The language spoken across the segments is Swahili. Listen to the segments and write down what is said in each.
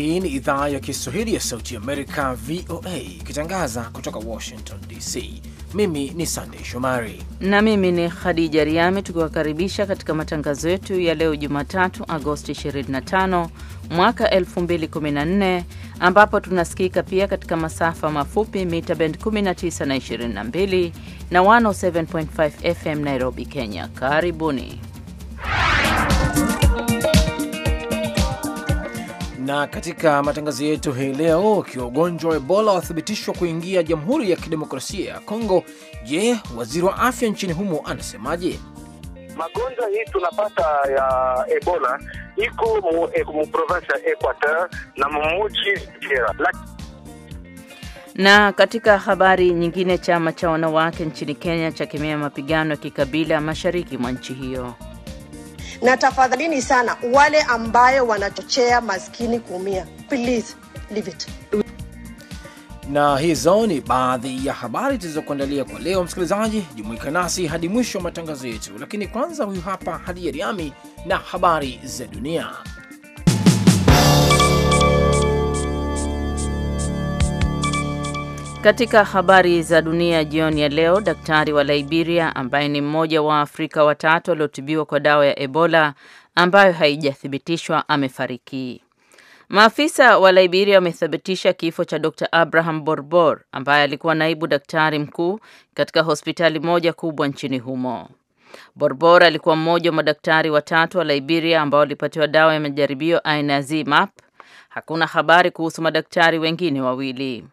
Hii ni idhaa ya Kiswahili ya Sauti Amerika, VOA, ikitangaza kutoka Washington DC. Mimi ni Sandei Shomari na mimi ni Khadija Riami, tukiwakaribisha katika matangazo yetu ya leo Jumatatu, Agosti 25 mwaka 2014, ambapo tunasikika pia katika masafa mafupi mita bend 19 na 22 na 107.5 FM Nairobi, Kenya. Karibuni na katika matangazo yetu hii leo, ukiwa ugonjwa wa Ebola wathibitishwa kuingia Jamhuri ya Kidemokrasia ya Kongo, je, waziri wa afya nchini humo anasemaje? Magonjwa hii tunapata ya Ebola iko mu eh, province ya Equateur na mumuji Kera. Na katika habari nyingine, chama cha wanawake nchini Kenya cha mapigano ya kikabila mashariki mwa nchi hiyo na tafadhalini sana wale ambayo wanachochea maskini kuumia, please leave it. Na hizo ni baadhi ya habari tulizokuandalia kwa leo. Msikilizaji, jumuika nasi hadi mwisho wa matangazo yetu, lakini kwanza, huyu hapa Hadi yariami na habari za dunia. Katika habari za dunia jioni ya leo, daktari wa Liberia ambaye ni mmoja wa Afrika watatu waliotibiwa kwa dawa ya Ebola ambayo haijathibitishwa amefariki. Maafisa wa Liberia wamethibitisha kifo cha Dr. Abraham Borbor ambaye alikuwa naibu daktari mkuu katika hospitali moja kubwa nchini humo. Borbor alikuwa mmoja wa madaktari watatu wa Liberia ambao walipatiwa dawa ya majaribio aina ya Zmap. Hakuna habari kuhusu madaktari wengine wawili.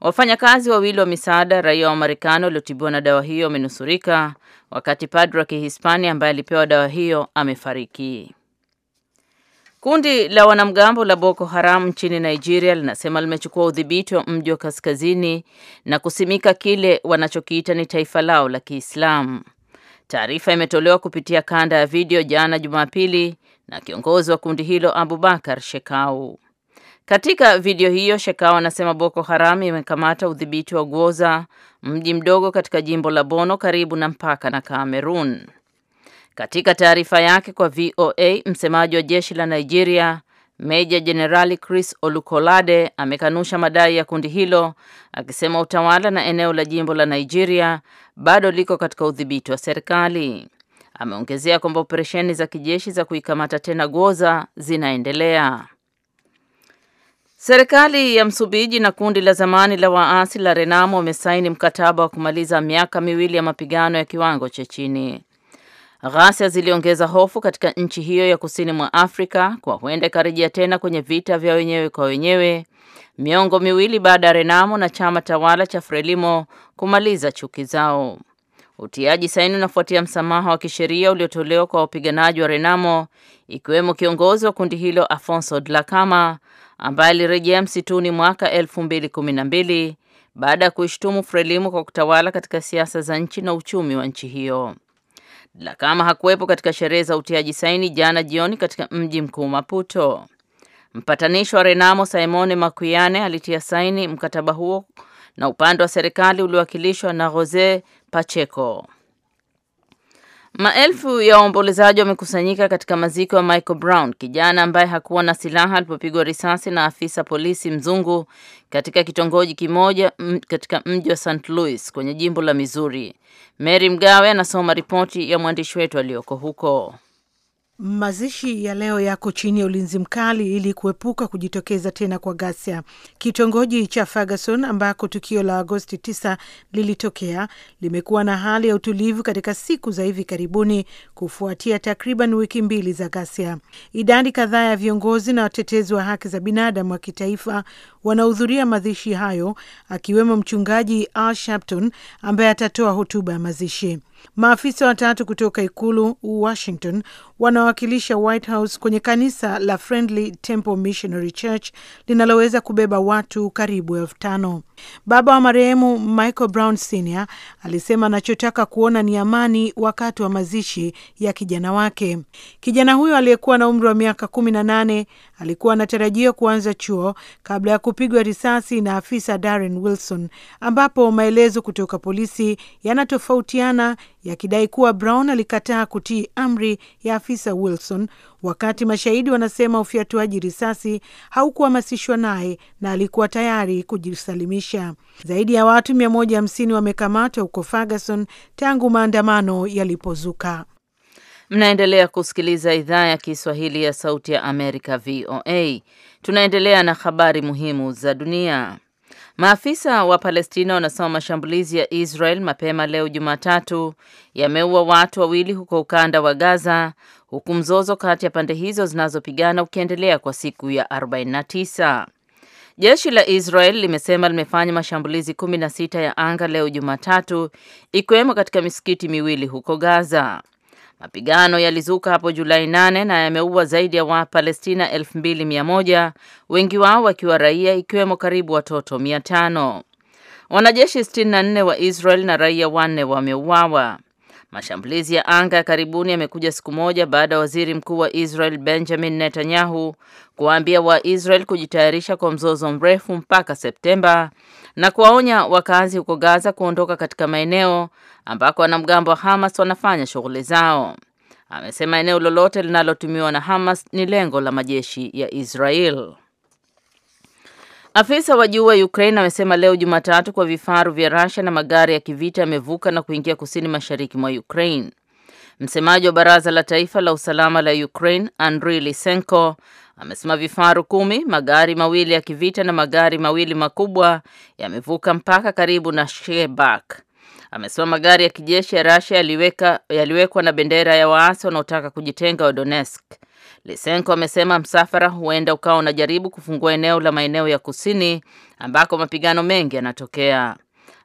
Wafanyakazi wawili wa misaada raia wa Marekani waliotibiwa na dawa hiyo wamenusurika, wakati padri wa Kihispania ambaye alipewa dawa hiyo amefariki. Kundi la wanamgambo la Boko Haram nchini Nigeria linasema limechukua udhibiti wa mji wa kaskazini na kusimika kile wanachokiita ni taifa lao la Kiislamu. Taarifa imetolewa kupitia kanda ya video jana Jumapili na kiongozi wa kundi hilo Abubakar Shekau. Katika video hiyo, Shekau anasema Boko Haram imekamata udhibiti wa Gwoza, mji mdogo katika jimbo la Bono karibu na mpaka na Kamerun. Katika taarifa yake kwa VOA, msemaji wa jeshi la Nigeria Meja Jenerali Chris Olukolade amekanusha madai ya kundi hilo akisema utawala na eneo la jimbo la Nigeria bado liko katika udhibiti wa serikali. Ameongezea kwamba operesheni za kijeshi za kuikamata tena Gwoza zinaendelea. Serikali ya Msumbiji na kundi la zamani la waasi la Renamo wamesaini mkataba wa kumaliza miaka miwili ya mapigano ya kiwango cha chini. Ghasia ziliongeza hofu katika nchi hiyo ya kusini mwa Afrika kwa huenda ikarejea tena kwenye vita vya wenyewe kwa wenyewe miongo miwili baada ya Renamo na chama tawala cha Frelimo kumaliza chuki zao. Utiaji saini unafuatia msamaha wa kisheria uliotolewa kwa wapiganaji wa Renamo ikiwemo kiongozi wa kundi hilo Afonso Dhlakama ambaye alirejea msituni mwaka 2012 baada ya kuishtumu Frelimo kwa kutawala katika siasa za nchi na uchumi wa nchi hiyo. Dhlakama hakuwepo katika sherehe za utiaji saini jana jioni katika mji mkuu Maputo. Mpatanishi wa Renamo Simone Makuyane alitia saini mkataba huo na upande wa serikali uliowakilishwa na Jose Pacheco. Maelfu ya waombolezaji wamekusanyika katika maziko ya Michael Brown, kijana ambaye hakuwa na silaha alipopigwa risasi na afisa polisi mzungu katika kitongoji kimoja katika mji wa St. Louis kwenye jimbo la Missouri. Mary Mgawe anasoma ripoti ya mwandishi wetu aliyoko huko. Mazishi ya leo yako chini ya ulinzi mkali ili kuepuka kujitokeza tena kwa ghasia. Kitongoji cha Ferguson ambako tukio la Agosti 9 lilitokea limekuwa na hali ya utulivu katika siku za hivi karibuni kufuatia takriban wiki mbili za ghasia. Idadi kadhaa ya viongozi na watetezi wa haki za binadamu wa kitaifa wanahudhuria mazishi hayo, akiwemo mchungaji Al Sharpton ambaye atatoa hotuba ya mazishi. Maafisa watatu kutoka ikulu Washington wanawakilisha White House kwenye kanisa la Friendly Temple Missionary Church linaloweza kubeba watu karibu elfu tano. Baba wa marehemu Michael Brown Sr alisema anachotaka kuona ni amani wakati wa mazishi ya kijana wake. Kijana huyo aliyekuwa na umri wa miaka kumi na nane alikuwa anatarajiwa kuanza chuo kabla ya kupigwa risasi na afisa Darren Wilson, ambapo maelezo kutoka polisi yanatofautiana yakidai kuwa Brown alikataa kutii amri ya afisa Wilson, wakati mashahidi wanasema ufyatuaji risasi haukuhamasishwa naye na alikuwa tayari kujisalimisha. Zaidi ya watu 150 wamekamatwa huko Ferguson tangu maandamano yalipozuka. Mnaendelea kusikiliza idhaa ya Kiswahili ya Sauti ya Amerika, VOA. Tunaendelea na habari muhimu za dunia. Maafisa wa Palestina wanasema mashambulizi ya Israel mapema leo Jumatatu yameua watu wawili huko ukanda wa Gaza, huku mzozo kati ya pande hizo zinazopigana ukiendelea kwa siku ya 49. Jeshi la Israel limesema limefanya mashambulizi 16 ya anga leo Jumatatu, ikiwemo katika misikiti miwili huko Gaza. Mapigano yalizuka hapo Julai 8 na yameua zaidi ya Wapalestina 2100 wengi wao wakiwa raia, ikiwemo karibu watoto 500. Wanajeshi 64 wa Israel na raia wanne wameuawa. Mashambulizi ya anga ya karibuni yamekuja siku moja baada ya waziri mkuu wa Israel Benjamin Netanyahu kuwaambia Waisrael kujitayarisha kwa mzozo mrefu mpaka Septemba na kuwaonya wakazi huko Gaza kuondoka katika maeneo ambako wanamgambo wa Hamas wanafanya shughuli zao. Amesema eneo lolote linalotumiwa na Hamas ni lengo la majeshi ya Israel. Afisa wa juu wa Ukraine amesema leo Jumatatu kwa vifaru vya Russia na magari ya kivita yamevuka na kuingia kusini mashariki mwa Ukraine. Msemaji wa Baraza la Taifa la Usalama la Ukraine, Andriy Lisenko, amesema vifaru kumi, magari mawili ya kivita na magari mawili makubwa yamevuka mpaka karibu na Shebak. Amesema magari ya kijeshi ya Russia yaliwekwa na bendera ya waasi wanaotaka kujitenga wa Donetsk. Lisenko amesema msafara huenda ukawa unajaribu kufungua eneo la maeneo ya kusini ambako mapigano mengi yanatokea.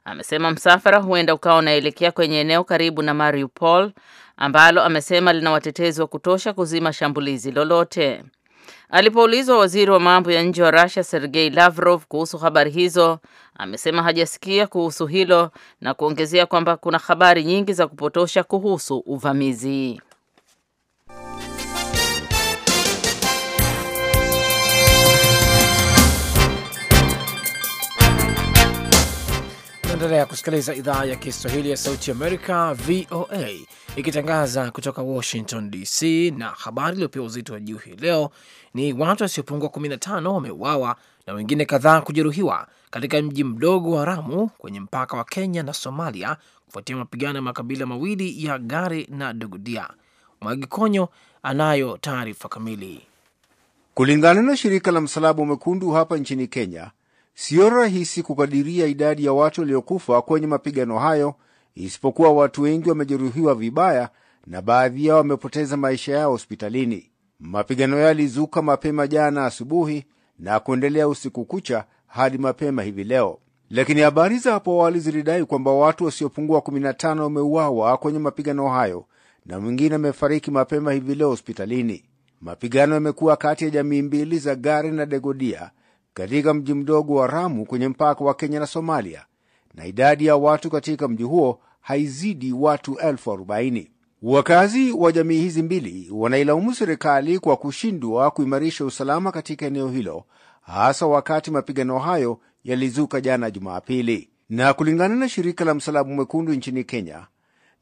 Amesema msafara huenda ukawa unaelekea kwenye eneo karibu na Mariupol ambalo amesema lina watetezi wa kutosha kuzima shambulizi lolote. Alipoulizwa waziri wa mambo ya nje wa Russia Sergei Lavrov kuhusu habari hizo, amesema hajasikia kuhusu hilo na kuongezea kwamba kuna habari nyingi za kupotosha kuhusu uvamizi. Unaendelea kusikiliza idhaa ya Kiswahili ya Sauti Amerika, VOA, ikitangaza kutoka Washington DC. Na habari iliyopewa uzito wa juu hii leo ni watu wasiopungua 15 wameuawa na wengine kadhaa kujeruhiwa katika mji mdogo wa Ramu kwenye mpaka wa Kenya na Somalia, kufuatia mapigano ya makabila mawili ya gari na Dogodia. Mwagi Konyo anayo taarifa kamili. Kulingana na shirika la Msalaba Mwekundu hapa nchini Kenya, Siyo rahisi kukadiria idadi ya watu waliokufa kwenye mapigano hayo, isipokuwa watu wengi wamejeruhiwa vibaya na baadhi yao wamepoteza maisha yao hospitalini. Mapigano yalizuka mapema jana asubuhi na kuendelea usiku kucha hadi mapema hivi leo, lakini habari za hapo awali zilidai kwamba watu wasiopungua 15 wameuawa kwenye mapigano hayo na mwingine amefariki mapema hivi leo hospitalini. Mapigano yamekuwa kati ya jamii mbili za gari na Degodia katika mji mdogo wa Ramu kwenye mpaka wa Kenya na Somalia, na idadi ya watu katika mji huo haizidi watu elfu arobaini. Wakazi wa jamii hizi mbili wanailaumu serikali kwa kushindwa kuimarisha usalama katika eneo hilo, hasa wakati mapigano hayo yalizuka jana Jumapili. Na kulingana na shirika la Msalaba Mwekundu nchini Kenya,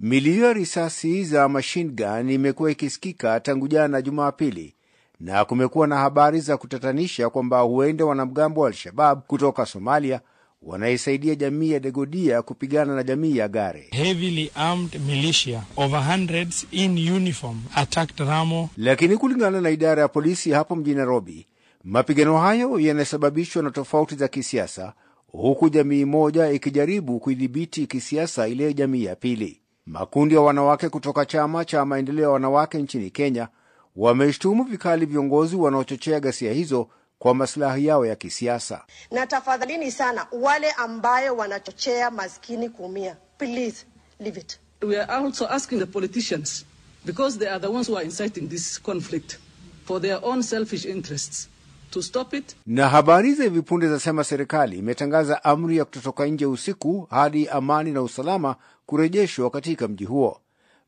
milio ya risasi za machine gun imekuwa ikisikika tangu jana Jumapili na kumekuwa na habari za kutatanisha kwamba huenda wanamgambo wa Al-Shabab kutoka Somalia wanaisaidia jamii ya Degodia kupigana na jamii ya Gare. Heavily armed militia over hundreds in uniform attacked Ramo. Lakini kulingana na idara ya polisi hapo mjini Nairobi, mapigano hayo yanasababishwa na tofauti za kisiasa, huku jamii moja ikijaribu kuidhibiti kisiasa ile jamii ya pili. Makundi ya wanawake kutoka chama cha maendeleo ya wanawake nchini Kenya wameshtumu vikali viongozi wanaochochea ghasia hizo kwa masilahi yao ya kisiasa. Na tafadhalini sana wale ambayo wanachochea maskini kuumia, please leave it. We are also asking the politicians because they are the ones who are inciting this conflict for their own selfish interests to stop it. Na habari za hivi punde zasema serikali imetangaza amri ya kutotoka nje usiku hadi amani na usalama kurejeshwa katika mji huo.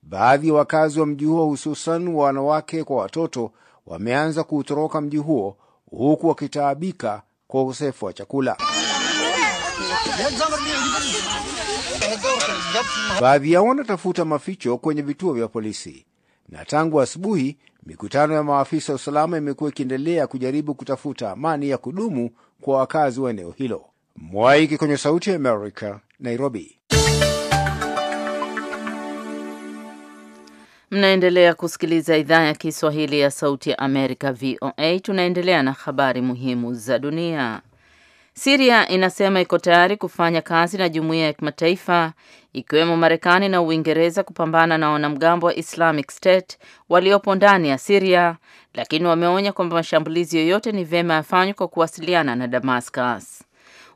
Baadhi ya wakazi wa mji huo, hususan wanawake kwa watoto, wameanza kuutoroka mji huo huku wakitaabika kwa ukosefu wa chakula. Baadhi yao wanatafuta maficho kwenye vituo vya polisi, na tangu asubuhi mikutano ya maafisa wa usalama imekuwa ikiendelea kujaribu kutafuta amani ya kudumu kwa wakazi wa eneo hilo. Mwaiki kwenye Sauti ya Amerika, Nairobi. Mnaendelea kusikiliza idhaa ya Kiswahili ya Sauti ya Amerika, VOA. Tunaendelea na habari muhimu za dunia. Siria inasema iko tayari kufanya kazi na jumuiya ya kimataifa ikiwemo Marekani na Uingereza kupambana na wanamgambo wa Islamic State waliopo ndani ya Siria, lakini wameonya kwamba mashambulizi yoyote ni vyema yafanywe kwa kuwasiliana na Damascus.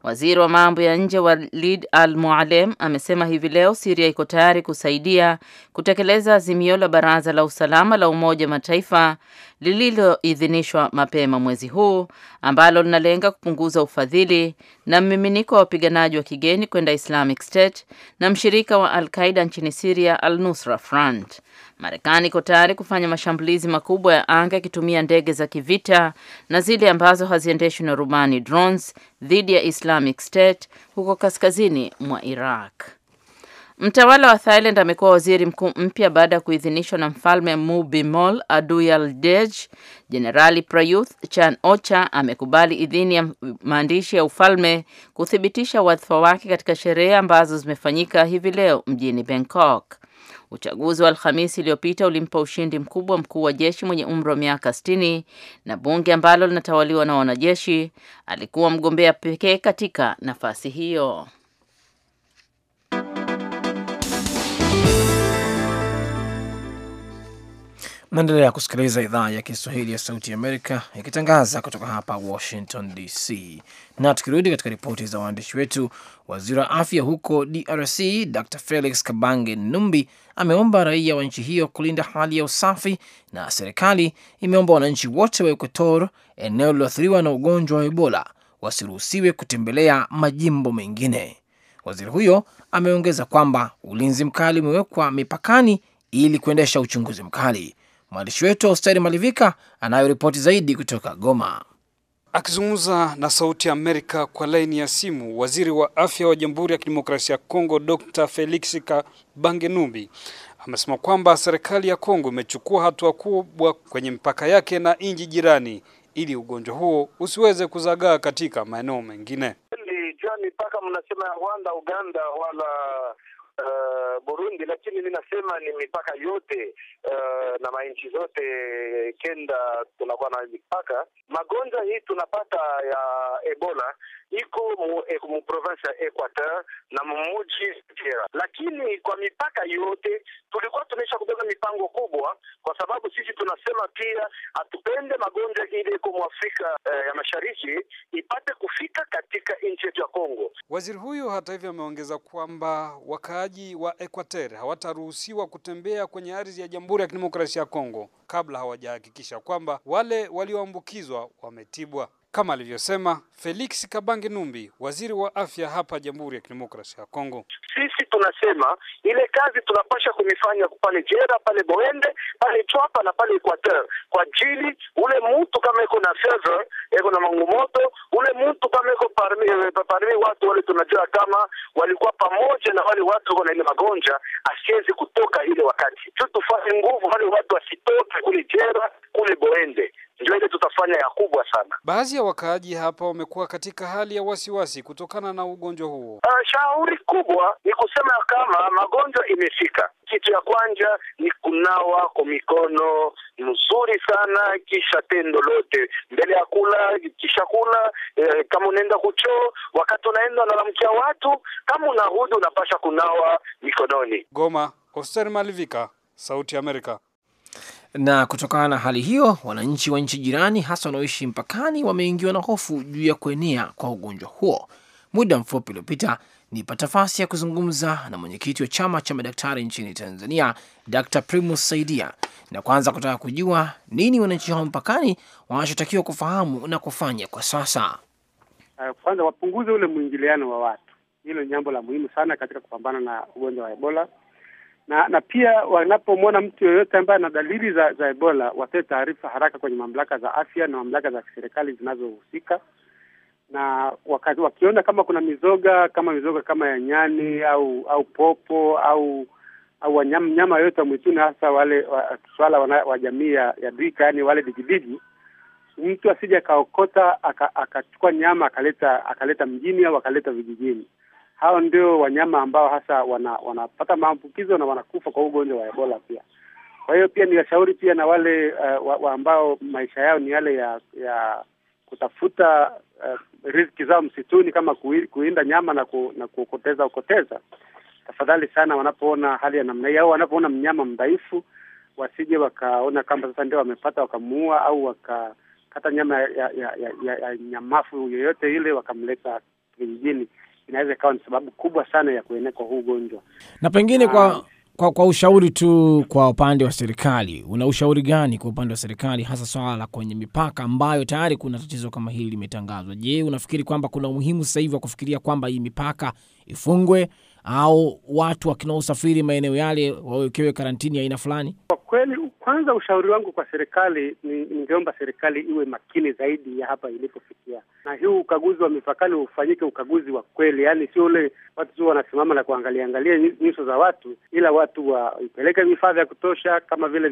Waziri wa mambo ya nje Walid al-Mualem amesema hivi leo Syria iko tayari kusaidia kutekeleza azimio la Baraza la Usalama la Umoja wa Mataifa lililoidhinishwa mapema mwezi huu ambalo linalenga kupunguza ufadhili na mmiminiko wa wapiganaji wa kigeni kwenda Islamic State na mshirika wa Al-Qaeda nchini Syria Al-Nusra Front. Marekani iko tayari kufanya mashambulizi makubwa ya anga ikitumia ndege za kivita na zile ambazo haziendeshwi na rubani drones dhidi ya Islamic State huko kaskazini mwa Iraq. Mtawala wa Thailand amekuwa waziri mkuu mpya baada ya kuidhinishwa na mfalme Mubimol Aduyaldej. Jenerali Prayuth Chan Ocha amekubali idhini ya maandishi ya ufalme kuthibitisha wadhifa wake katika sherehe ambazo zimefanyika hivi leo mjini Bangkok. Uchaguzi wa Alhamisi iliyopita ulimpa ushindi mkubwa mkuu wa jeshi mwenye umri wa miaka 60 na bunge ambalo linatawaliwa na wanajeshi. Alikuwa mgombea pekee katika nafasi hiyo. Maendelea kusikiliza idhaa ya Kiswahili ya Sauti Amerika ikitangaza kutoka hapa Washington DC. Na tukirudi katika ripoti za waandishi wetu, waziri wa afya huko DRC Dr Felix Kabange Numbi ameomba raia wa nchi hiyo kulinda hali ya usafi, na serikali imeomba wananchi wote wa Equator, eneo lililoathiriwa na ugonjwa wa Ebola, wasiruhusiwe kutembelea majimbo mengine. Waziri huyo ameongeza kwamba ulinzi mkali umewekwa mipakani ili kuendesha uchunguzi mkali. Mwandishi wetu Austeri Malivika anayo ripoti zaidi kutoka Goma. Akizungumza na Sauti ya Amerika kwa laini ya simu, waziri wa afya wa Jamhuri ya Kidemokrasia ya Kongo Dr. Felix Kabangenumbi amesema kwamba serikali ya Kongo imechukua hatua kubwa kwenye mipaka yake na nchi jirani ili ugonjwa huo usiweze kuzagaa katika maeneo mengine. Jua mipaka mnasema ya Rwanda, Uganda wala uh, Burundi, lakini ninasema ni mipaka yote uh, na manchi zote kenda tunakuwa na mipaka. Magonjwa hii tunapata ya Ebola iko mu, e, mu province ya Equateur na mumuji Kera, lakini kwa mipaka yote tulikuwa tumesha kubeba mipango kubwa, kwa sababu sisi tunasema pia hatupende magonjwa ile iko mu Afrika uh, ya Mashariki ipate kufika katika nchi yetu ya Kongo. Waziri huyu hata hivyo ameongeza kwamba wakati raia wa Equateur hawataruhusiwa kutembea kwenye ardhi ya Jamhuri ya Kidemokrasia ya Kongo kabla hawajahakikisha kwamba wale walioambukizwa wametibwa kama alivyosema Felix Kabange Numbi, waziri wa afya hapa Jamhuri ya Kidemokrasia ya Kongo. Sisi tunasema ile kazi tunapasha kumifanya pale Jera, pale Boende, pale Chwapa na pale Equateur, kwa ajili ule mtu kama iko na fever, iko na mangumoto, ule mtu kama iko parmi, eh, parmi watu wale tunajua kama walikuwa pamoja na wale watu wako na ile magonjwa, asiwezi kutoka ile wakati tu, tufanye nguvu wale watu wasitoke kule Jera, kule Boende ndio ile tutafanya ya kubwa sana. Baadhi ya wakaaji hapa wamekuwa katika hali ya wasiwasi kutokana na ugonjwa huo. Uh, shauri kubwa ni kusema kama magonjwa imefika, kitu ya kwanza ni kunawa kwa mikono mzuri sana, kisha tendo lote mbele ya kula, kisha kula eh, kama unaenda kuchoo, wakati unaenda unalamkia watu, kama unarudi unapasha kunawa mikononi. Goma, Oster Malivika, Sauti ya Amerika. Na kutokana na hali hiyo, wananchi wa nchi jirani, hasa wanaoishi mpakani, wameingiwa na hofu juu ya kuenea kwa ugonjwa huo. Muda mfupi uliopita nipata nafasi ya kuzungumza na mwenyekiti wa chama cha madaktari nchini Tanzania, Dr Primus Saidia, na kwanza kutaka kujua nini wananchi hao mpakani wanachotakiwa kufahamu na kufanya kwa sasa. Eh, kwanza wapunguze ule mwingiliano wa watu, hilo ni jambo la muhimu sana katika kupambana na ugonjwa wa Ebola na na pia wanapomwona mtu yoyote ambaye ana dalili za, za Ebola watoe taarifa haraka kwenye mamlaka za afya na mamlaka za kiserikali zinazohusika, na wakati, wakiona kama kuna mizoga kama mizoga kama ya nyani au au popo au au wanyama nyama yoyote wa mwituni, hasa wale wa, swala wa, wa jamii ya duika, yani wale digidigi, mtu asije akaokota akachukua aka nyama akaleta akaleta mjini au akaleta vijijini hao ndio wanyama ambao hasa wana, wanapata maambukizo na wanakufa kwa ugonjwa wa Ebola pia. Kwa hiyo pia ni pia na wale uh, wa, wa ambao maisha yao ni yale ya ya kutafuta uh, riziki zao msituni kama kuinda nyama na, ku, na kuokoteza okoteza, tafadhali sana, wanapoona hali ya namna hii au wanapoona mnyama mdhaifu, wasije wakaona kama sasa ndio wamepata wakamuua au wakakata nyama ya, ya, ya, ya, ya nyamafu yoyote ile wakamleta kijijini inaweza ikawa ni sababu kubwa sana ya kuenea kwa huu ugonjwa. Na pengine kwa ah. kwa, kwa ushauri tu kwa upande wa serikali, una ushauri gani kwa upande wa serikali, hasa swala la kwenye mipaka ambayo tayari kuna tatizo kama hili limetangazwa? Je, unafikiri kwamba kuna umuhimu sasa hivi wa kufikiria kwamba hii mipaka ifungwe au watu wakinaosafiri maeneo yale wawekewe karantini aina fulani? Kwa kweli, kwanza ushauri wangu kwa serikali, ningeomba serikali iwe makini zaidi ya hapa ilipofikia, na huu ukaguzi wa mipakani ufanyike ukaguzi wa kweli, yaani sio ule watu tu wanasimama na kuangalia angalia nyuso za watu, ila watu waipeleke vifaa vya kutosha kama vile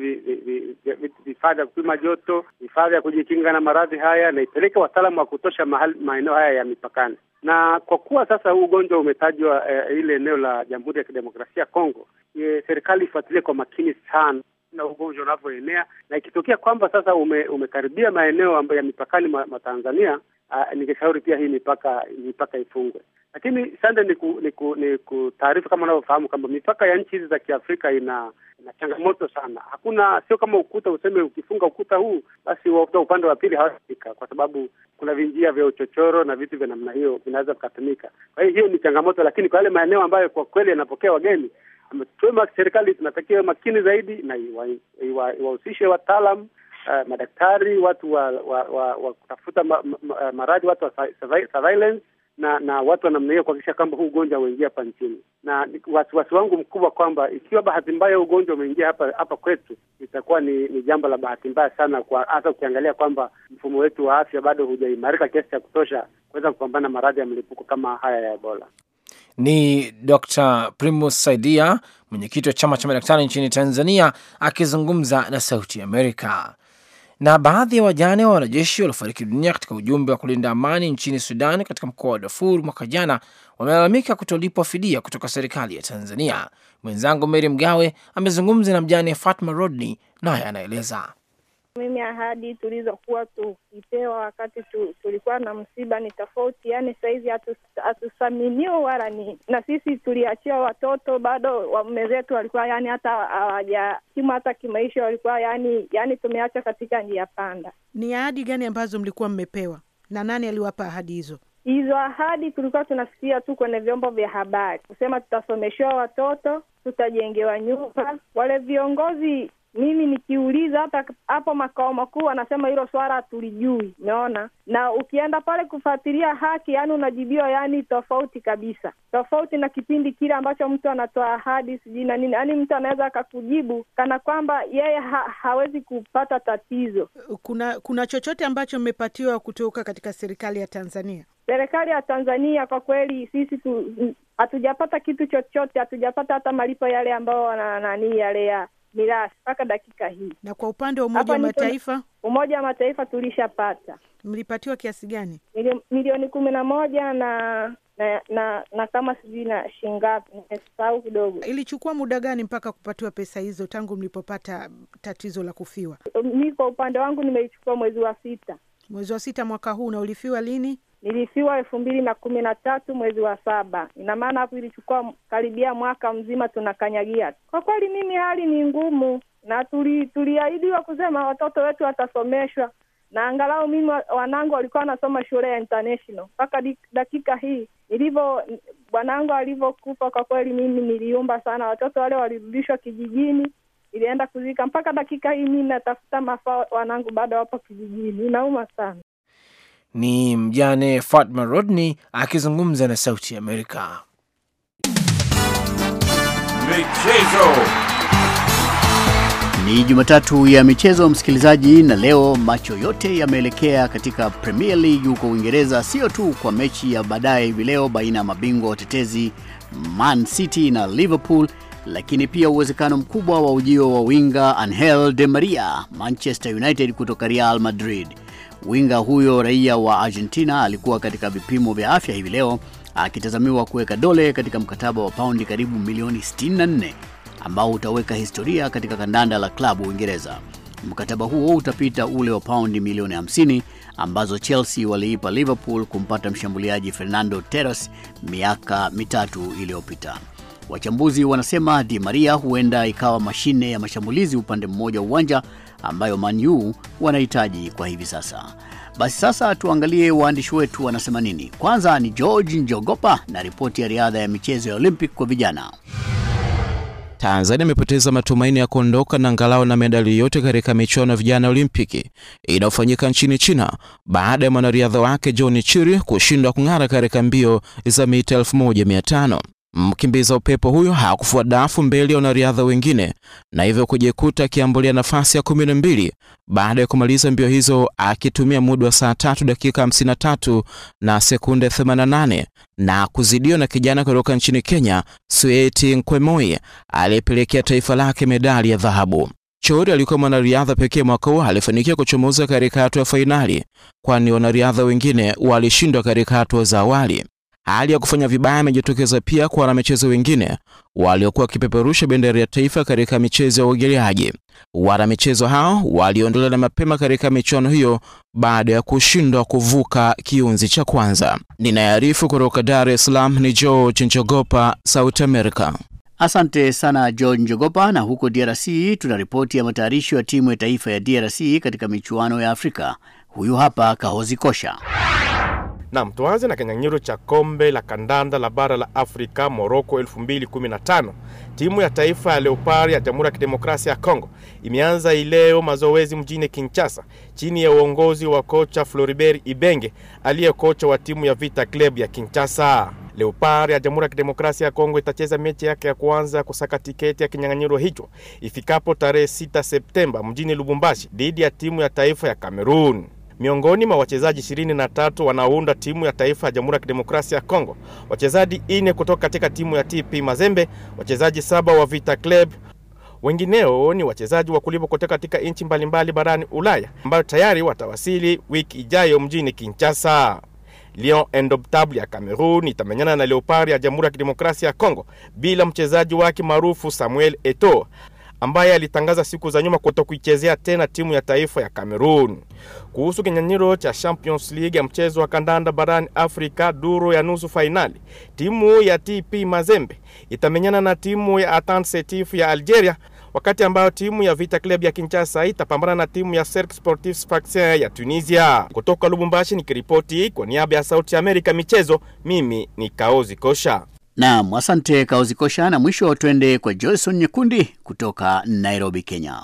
vifaa vya kupima joto, vifaa vya kujikinga na maradhi haya, na ipeleke wataalamu wa kutosha mahali maeneo haya ya mipakani. Na kwa kuwa sasa huu ugonjwa umetajwa eh, ile eneo la Jamhuri ya Kidemokrasia ya Kongo, e, serikali ifuatilie kwa makini sana na ugonjwa unavyoenea, na ikitokea kwamba sasa ume, umekaribia maeneo ambayo ya mipakani mwa Tanzania, ningeshauri pia hii mipaka mipaka ifungwe. Lakini sande ni ku, ni, ku, ni kutaarifa kama unavyofahamu kwamba mipaka ya nchi hizi za Kiafrika ina na changamoto sana. Hakuna, sio kama ukuta useme ukifunga ukuta huu basi wa upande wa pili hawatafika, kwa sababu kuna vinjia vya uchochoro na vitu vya namna hiyo vinaweza vikatumika. Kwa hiyo hiyo ni changamoto, lakini kwa yale maeneo ambayo kwa kweli yanapokea wageni, serikali tunatakiwa makini zaidi na iwahusishe wataalam, uh, madaktari, watu wa, wa, wa, wa kutafuta ma, ma, eh, maradhi, watu wa surveillance na na watu wa namna hiyo kuhakikisha kwamba huu ugonjwa umeingia hapa nchini, na wasiwasi wangu mkubwa kwamba ikiwa bahati mbaya ugonjwa umeingia hapa hapa kwetu itakuwa ni, ni jambo la bahati mbaya sana, kwa hasa ukiangalia kwamba mfumo wetu wa afya bado hujaimarika kiasi cha kutosha kuweza kupambana maradhi ya mlipuko kama haya ya Ebola. Ni Dr. Primus Saidia, mwenyekiti wa chama cha madaktari nchini Tanzania, akizungumza na Sauti Amerika. Na baadhi ya wajane wa wanajeshi waliofariki dunia katika ujumbe wa kulinda amani nchini Sudan katika mkoa wa Darfur mwaka jana wamelalamika kutolipwa fidia kutoka serikali ya Tanzania. Mwenzangu Mary Mgawe amezungumza na mjane Fatma Rodney, naye anaeleza. Mimi ahadi tulizokuwa tukipewa wakati tu, tulikuwa na msiba ni tofauti, yani sahizi hatuthaminiwi wala ni na sisi tuliachia watoto bado, waume zetu walikuwa yani hata hawajakimu hata kimaisha, walikuwa yani yani tumeacha katika njia panda. Ni ahadi gani ambazo mlikuwa mmepewa na nani aliwapa ahadi hizo? Hizo ahadi tulikuwa tunasikia tu kwenye vyombo vya habari kusema tutasomeshewa watoto, tutajengewa nyumba. Wale viongozi mimi nikiuliza hata hapo makao makuu anasema hilo swala hatulijui. Umeona, na ukienda pale kufuatilia haki, yani unajibiwa yani tofauti kabisa, tofauti na kipindi kile ambacho mtu anatoa ahadi sijui na nini, yani mtu anaweza akakujibu kana kwamba yeye ha, hawezi kupata tatizo. Kuna kuna chochote ambacho mmepatiwa kutoka katika serikali ya Tanzania? Serikali ya Tanzania kwa kweli sisi tu hatujapata kitu chochote, hatujapata hata malipo yale ambayo nani yale ya mirathi mpaka dakika hii. Na kwa upande wa Umoja wa Mataifa, Umoja wa Mataifa tulishapata. Mlipatiwa kiasi gani? Milioni kumi na moja na na na, na kama sijui na shingapi nimesahau kidogo. Ilichukua muda gani mpaka kupatiwa pesa hizo tangu mlipopata tatizo la kufiwa? Mi kwa upande wangu nimeichukua mwezi wa sita, mwezi wa sita mwaka huu. Na ulifiwa lini? Nilifiwa elfu mbili na kumi na tatu mwezi wa saba. Ina maana hapo ilichukua karibia mwaka mzima tunakanyagia. Kwa kweli, mimi hali ni ngumu, na tuliahidiwa tuli kusema watoto wetu watasomeshwa, na angalau mimi wanangu walikuwa wanasoma shule ya international mpaka dakika hii ilivyo bwanangu alivyokufa. Kwa kweli, mimi niliumba sana. Watoto wale walirudishwa kijijini ilienda kuzika mpaka dakika hii, mi natafuta mafao, wanangu bado wapo kijijini. Inauma sana. Ni mjane Fatma Rodney akizungumza na Sauti ya Amerika. Michezo ni Jumatatu ya michezo, msikilizaji, na leo macho yote yameelekea katika Premier League huko Uingereza, sio tu kwa mechi ya baadaye hivi leo baina ya mabingwa watetezi Man City na Liverpool, lakini pia uwezekano mkubwa wa ujio wa winga Angel De Maria Manchester United kutoka Real Madrid. Winga huyo raia wa Argentina alikuwa katika vipimo vya afya hivi leo akitazamiwa kuweka dole katika mkataba wa paundi karibu milioni 64 ambao utaweka historia katika kandanda la klabu Uingereza. Mkataba huo utapita ule wa paundi milioni 50 ambazo Chelsea waliipa Liverpool kumpata mshambuliaji Fernando Torres miaka mitatu iliyopita. Wachambuzi wanasema Di Maria huenda ikawa mashine ya mashambulizi upande mmoja wa uwanja ambayo Man U wanahitaji kwa hivi sasa. Basi sasa tuangalie waandishi wetu wanasema nini. Kwanza ni George Njogopa na ripoti ya riadha ya michezo ya Olympic kwa vijana. Tanzania imepoteza matumaini ya kuondoka na angalau na medali yote katika michuano ya vijana Olimpiki inayofanyika nchini China baada ya mwanariadha wake John Chiri kushindwa kung'ara katika mbio za mita 1500. Mkimbiza upepo huyo hakufua dafu mbele ya wanariadha wengine na hivyo kujikuta akiambulia nafasi ya kumi na mbili baada ya kumaliza mbio hizo akitumia muda wa saa tatu dakika 53 na sekunde 88 na kuzidiwa na kijana kutoka nchini Kenya Sweti Nkwemoi aliyepelekea taifa lake medali ya dhahabu. chori alikuwa mwanariadha pekee mwaka huu alifanikiwa kuchomoza katika hatua ya fainali, kwani wanariadha wengine walishindwa katika hatua za awali. Hali ya kufanya vibaya imejitokeza pia kwa wanamichezo wengine waliokuwa wakipeperusha bendera ya taifa katika michezo ya uogeleaji. Wanamichezo hao waliondolewa mapema katika michuano hiyo baada ya kushindwa kuvuka kiunzi cha kwanza. ninayarifu kutoka Dar es Salaam ni George Njogopa, South America. Asante sana George Njogopa. Na huko DRC tuna ripoti ya matayarisho ya timu ya taifa ya DRC katika michuano ya Afrika. Huyu hapa Kahozi Kosha. Nam, tuanze na kinyang'anyiro cha kombe la kandanda la bara la Afrika Morocco 2015. Timu ya taifa ya Leopard ya Jamhuri ya Kidemokrasia ya Kongo imeanza ileo mazoezi mjini Kinshasa chini ya uongozi wa kocha Floribert Ibenge aliye kocha wa timu ya Vita Club ya Kinshasa. Leopard ya Jamhuri ya Kidemokrasia ya Kongo itacheza mechi yake ya kwanza kusaka tiketi ya kinyang'anyiro hicho ifikapo tarehe 6 Septemba mjini Lubumbashi dhidi ya timu ya taifa ya Cameroon. Miongoni mwa wachezaji 23 wanaounda timu ya taifa ya Jamhuri ya Kidemokrasia ya Kongo, wachezaji ine kutoka katika timu ya TP Mazembe, wachezaji saba wa Vita Club. Wengineo ni wachezaji wa kulipwa kutoka katika nchi mbalimbali barani Ulaya, ambayo tayari watawasili wiki ijayo mjini Kinshasa. Lion Indomptable ya Cameroon itamenyana na Leopard ya Jamhuri ya Kidemokrasia ya Kongo bila mchezaji wake maarufu Samuel Eto'o ambaye alitangaza siku za nyuma kutokuichezea tena timu ya taifa ya Kamerun. Kuhusu kinyanyiro cha Champions League ya mchezo wa kandanda barani Afrika, duru ya nusu fainali, timu ya TP Mazembe itamenyana na timu ya Atan Setif ya Algeria, wakati ambayo timu ya Vita Club ya Kinshasa itapambana na timu ya Cercle Sportif Sfaxien ya Tunisia. Kutoka Lubumbashi nikiripoti kwa niaba ya Sauti ya Amerika michezo, mimi ni Kaozi Kosha. Naam, asante Kauzikosha. Na mwisho twende kwa Johnson Nyekundi kutoka Nairobi, Kenya.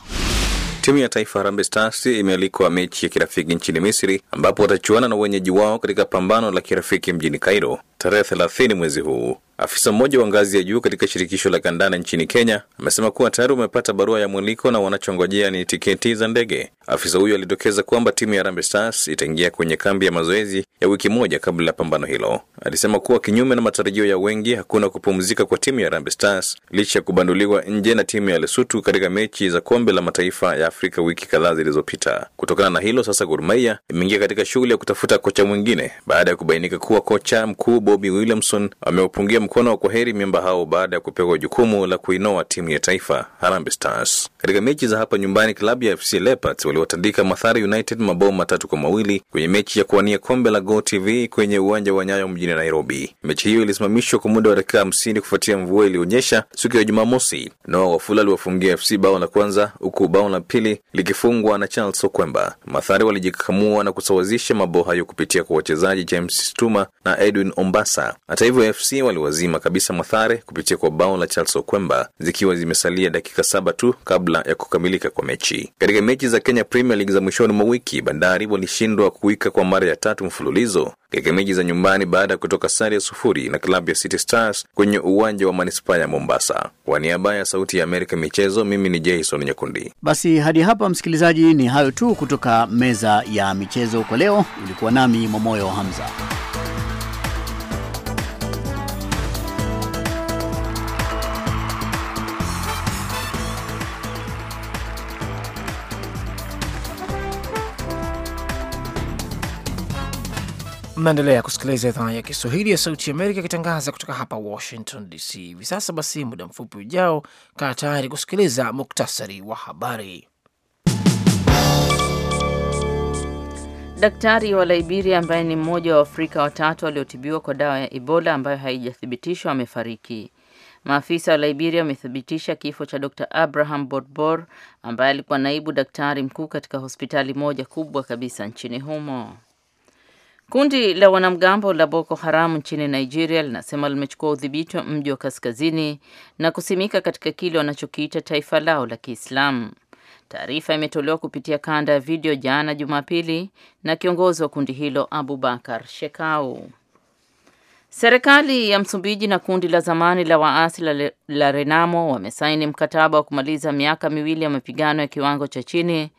Timu ya taifa Harambee Stars imealikwa mechi ya kirafiki nchini Misri ambapo watachuana na wenyeji wao katika pambano la kirafiki mjini Cairo tarehe 30 mwezi huu. Afisa mmoja wa ngazi ya juu katika shirikisho la kandanda nchini Kenya amesema kuwa tayari wamepata barua ya mwaliko na wanachongojea ni tiketi za ndege. Afisa huyo alidokeza kwamba timu ya Harambee Stars itaingia kwenye kambi ya mazoezi ya wiki moja kabla ya pambano hilo. Alisema kuwa kinyume na matarajio ya wengi, hakuna kupumzika kwa timu ya Harambee Stars licha ya kubanduliwa nje na timu ya Lesotho katika mechi za kombe la mataifa ya Afrika wiki kadhaa zilizopita. Kutokana na hilo, sasa Gor Mahia imeingia katika shughuli ya kutafuta kocha mwingine baada ya kubainika kuwa kocha mkuu Bobby Williamson ameupungia mkono wa kwaheri miamba hao baada ya kupewa jukumu la kuinoa timu ya taifa Harambee Stars. Katika mechi za hapa nyumbani, klabu ya FC Leopards waliwatandika Mathare United mabao matatu kwa mawili kwenye mechi ya kuwania kombe la Go TV kwenye uwanja wa Nyayo mjini Nairobi. Mechi hiyo ilisimamishwa kwa muda wa dakika hamsini kufuatia mvua ilionyesha siku ya Jumamosi. Noah Wafula aliwafungia FC bao la kwanza huku bao la pili likifungwa na Charles Okwemba. Mathare walijikakamua na kusawazisha mabao hayo kupitia kwa wachezaji James Stuma na Edwin Omba Mombasa. Hata hivyo, FC waliwazima kabisa Mathare kupitia kwa bao la Charles Okwemba zikiwa zimesalia dakika saba tu kabla ya kukamilika kwa mechi. Katika mechi za Kenya Premier League za mwishoni mwa wiki, Bandari walishindwa kuwika kwa mara ya tatu mfululizo katika mechi za nyumbani baada ya kutoka sare ya sufuri na klabu ya City Stars kwenye uwanja wa manispaa ya Mombasa. Kwa niaba ya Sauti ya Amerika michezo, mimi ni Jason Nyakundi. Basi hadi hapa, msikilizaji, ni hayo tu kutoka meza ya michezo kwa leo. Ulikuwa nami Momoyo Hamza. Mnaendelea kusikiliza idhaa ya Kiswahili ya Sauti ya Amerika ikitangaza kutoka hapa Washington DC hivi sasa. Basi muda mfupi ujao, kaa tayari kusikiliza muktasari wa habari. Daktari wa Liberia ambaye ni mmoja wa Afrika watatu waliotibiwa kwa dawa ya Ebola ambayo haijathibitishwa amefariki. Maafisa wa Liberia wamethibitisha kifo cha Dr. Abraham Bodbor ambaye alikuwa naibu daktari mkuu katika hospitali moja kubwa kabisa nchini humo. Kundi la wanamgambo la Boko Haram nchini Nigeria linasema limechukua udhibiti wa mji wa kaskazini na kusimika katika kile wanachokiita taifa lao la Kiislamu. Taarifa imetolewa kupitia kanda ya video jana Jumapili na kiongozi wa kundi hilo Abubakar Shekau. Serikali ya Msumbiji na kundi la zamani la waasi la, la Renamo wamesaini mkataba wa kumaliza miaka miwili ya mapigano ya kiwango cha chini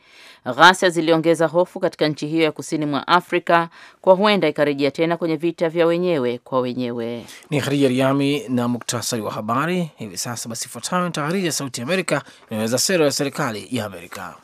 Ghasia ziliongeza hofu katika nchi hiyo ya kusini mwa Afrika kwa huenda ikarejea tena kwenye vita vya wenyewe kwa wenyewe. Ni Khadija Riami na muktasari wa habari hivi sasa. Basi fuatayo ni tahariri ya Sauti Amerika inaweza sera ya serikali ya Amerika.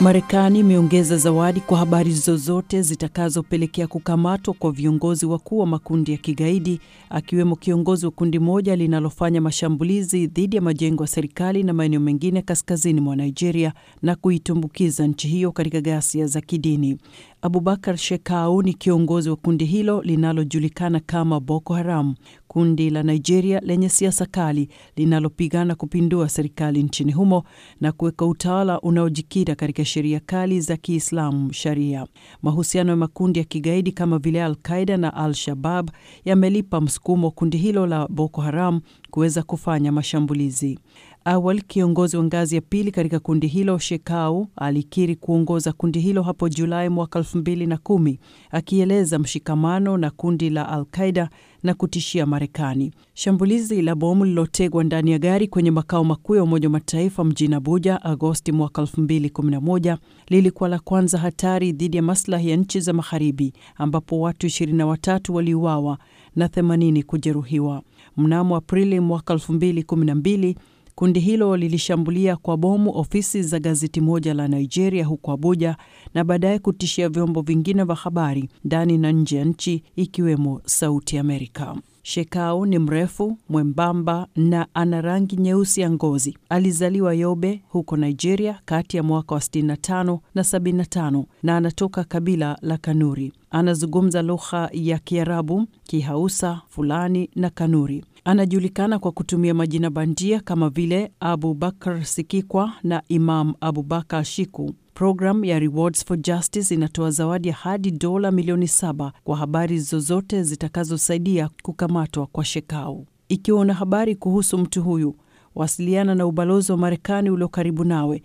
Marekani imeongeza zawadi kwa habari zozote zitakazopelekea kukamatwa kwa viongozi wakuu wa makundi ya kigaidi akiwemo kiongozi wa kundi moja linalofanya mashambulizi dhidi ya majengo ya serikali na maeneo mengine kaskazini mwa Nigeria na kuitumbukiza nchi hiyo katika ghasia za kidini. Abubakar Shekau ni kiongozi wa kundi hilo linalojulikana kama Boko Haram kundi la Nigeria lenye siasa kali linalopigana kupindua serikali nchini humo na kuweka utawala unaojikita katika sheria kali za Kiislamu sharia. Mahusiano ya makundi ya kigaidi kama vile Al-Qaida na Al-Shabab yamelipa msukumo kundi hilo la Boko Haram kuweza kufanya mashambulizi. Awal, kiongozi wa ngazi ya pili katika kundi hilo Shekau alikiri kuongoza kundi hilo hapo Julai mwaka 2010 akieleza mshikamano na kundi la Al-Qaida na kutishia Marekani. Shambulizi la bomu lilotegwa ndani ya gari kwenye makao makuu ya Umoja wa Mataifa mjini Abuja Agosti mwaka 2011 lilikuwa la kwanza hatari dhidi ya maslahi ya nchi za Magharibi, ambapo watu 23 waliuawa na 80 kujeruhiwa. Mnamo Aprili mwaka 2012 Kundi hilo lilishambulia kwa bomu ofisi za gazeti moja la Nigeria huko Abuja na baadaye kutishia vyombo vingine vya habari ndani na nje ya nchi ikiwemo Sauti Amerika. Shekau ni mrefu, mwembamba na ana rangi nyeusi ya ngozi. Alizaliwa Yobe huko Nigeria kati ya mwaka wa 65 na 75 na anatoka kabila la Kanuri. Anazungumza lugha ya Kiarabu, Kihausa, Fulani na Kanuri. Anajulikana kwa kutumia majina bandia kama vile Abu Bakar Sikikwa na Imam Abubakar Shiku. Programu ya Rewards for Justice inatoa zawadi ya hadi dola milioni saba kwa habari zozote zitakazosaidia kukamatwa kwa Shekau. Ikiwa una habari kuhusu mtu huyu, wasiliana na ubalozi wa Marekani ulio karibu nawe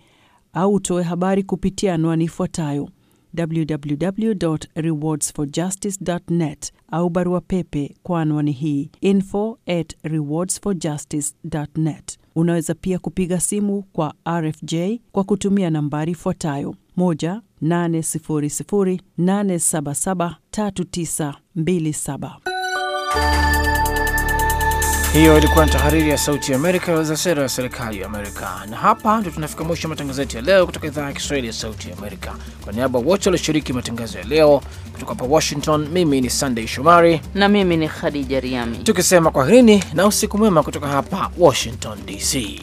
au utoe habari kupitia anwani ifuatayo www.rewardsforjustice.net au barua pepe kwa anwani hii info at rewardsforjustice.net. Unaweza pia kupiga simu kwa RFJ kwa kutumia nambari ifuatayo 18008773927. Hiyo ilikuwa ni tahariri ya Sauti ya Amerika za sera ya serikali ya Amerika. Na hapa ndio tunafika mwisho matangazo yetu ya leo kutoka idhaa ya Kiswahili ya Sauti ya Amerika. Kwa niaba wote walioshiriki matangazo ya leo kutoka hapa Washington, mimi ni sandey Shomari na mimi ni Khadija Riami, tukisema kwaherini na usiku mwema kutoka hapa Washington DC.